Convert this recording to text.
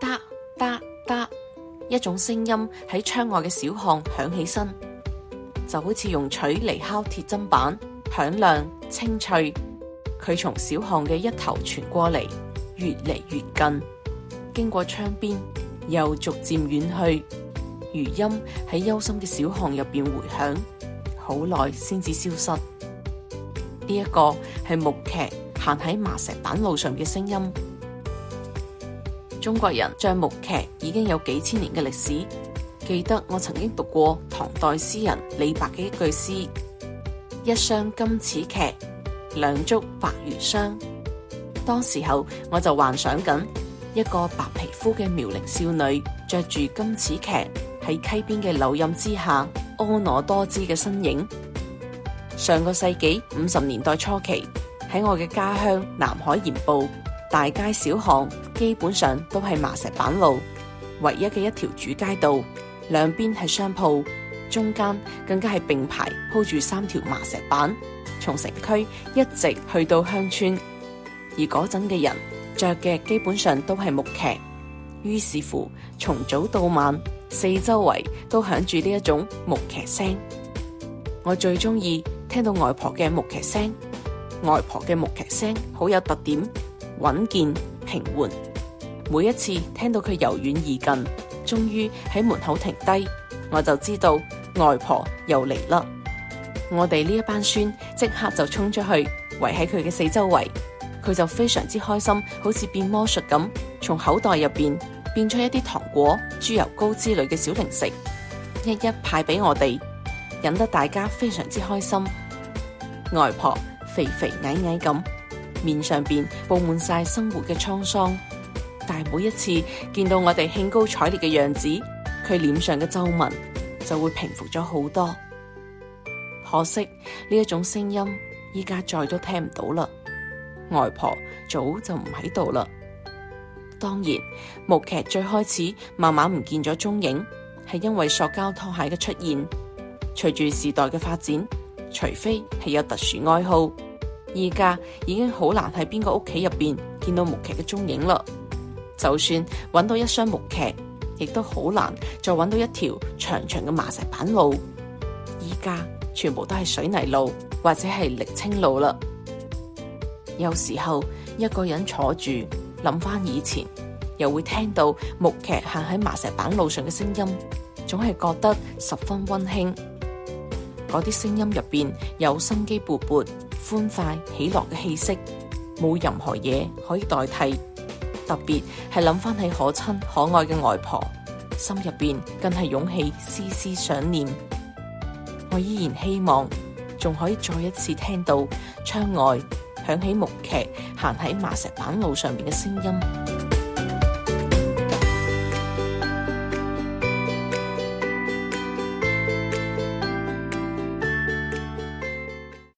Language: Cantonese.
噠噠噠，一種聲音喺窗外嘅小巷響起身，就好似用錘嚟敲鐵砧板，響亮清脆。佢從小巷嘅一頭傳過嚟，越嚟越近，經過窗邊，又逐漸遠去。餘音喺幽深嘅小巷入邊回響，好耐先至消失。呢一個係木屐行喺麻石板路上嘅聲音。中國人着木屐已經有幾千年嘅歷史。記得我曾經讀過唐代詩人李白嘅一句詩：一雙金齒屐，兩足白如霜。當時候我就幻想緊一個白皮膚嘅妙齡少女，着住金齒屐喺溪邊嘅柳蔭之下婀娜多姿嘅身影。上個世紀五十年代初期，喺我嘅家鄉南海鹽步大街小巷，基本上都係麻石板路，唯一嘅一條主街道，兩邊係商鋪，中間更加係並排鋪住三條麻石板，從城區一直去到鄉村。而嗰陣嘅人着嘅基本上都係木屐，於是乎從早到晚，四周圍都響住呢一種木屐聲。我最中意聽到外婆嘅木屐聲，外婆嘅木屐聲好有特點，穩健平緩。每一次聽到佢由遠而近，終於喺門口停低，我就知道外婆又嚟啦。我哋呢一班孫即刻就衝出去圍喺佢嘅四周圍，佢就非常之開心，好似變魔術咁，從口袋入邊變出一啲糖果、豬油糕之類嘅小零食，一一派俾我哋，引得大家非常之開心。外婆肥肥矮矮咁，面上邊布滿晒生活嘅滄桑。但每一次見到我哋興高采烈嘅樣子，佢臉上嘅皺紋就會平伏咗好多。可惜呢一種聲音依家再都聽唔到啦。外婆早就唔喺度啦。當然木屐最開始慢慢唔見咗蹤影，係因為塑膠拖鞋嘅出現。隨住時代嘅發展，除非係有特殊愛好，而家已經好難喺邊個屋企入邊見到木屐嘅蹤影啦。就算揾到一雙木屐，亦都好難再揾到一條長長嘅麻石板路。依家全部都係水泥路或者係瀝青路啦。有時候一個人坐住諗翻以前，又會聽到木屐行喺麻石板路上嘅聲音，總係覺得十分溫馨。嗰啲聲音入邊有生機勃勃、歡快、喜樂嘅氣息，冇任何嘢可以代替。特別係諗翻起可親可愛嘅外婆，心入邊更係湧起絲絲想念。我依然希望仲可以再一次聽到窗外響起木屐行喺麻石板路上面嘅聲音。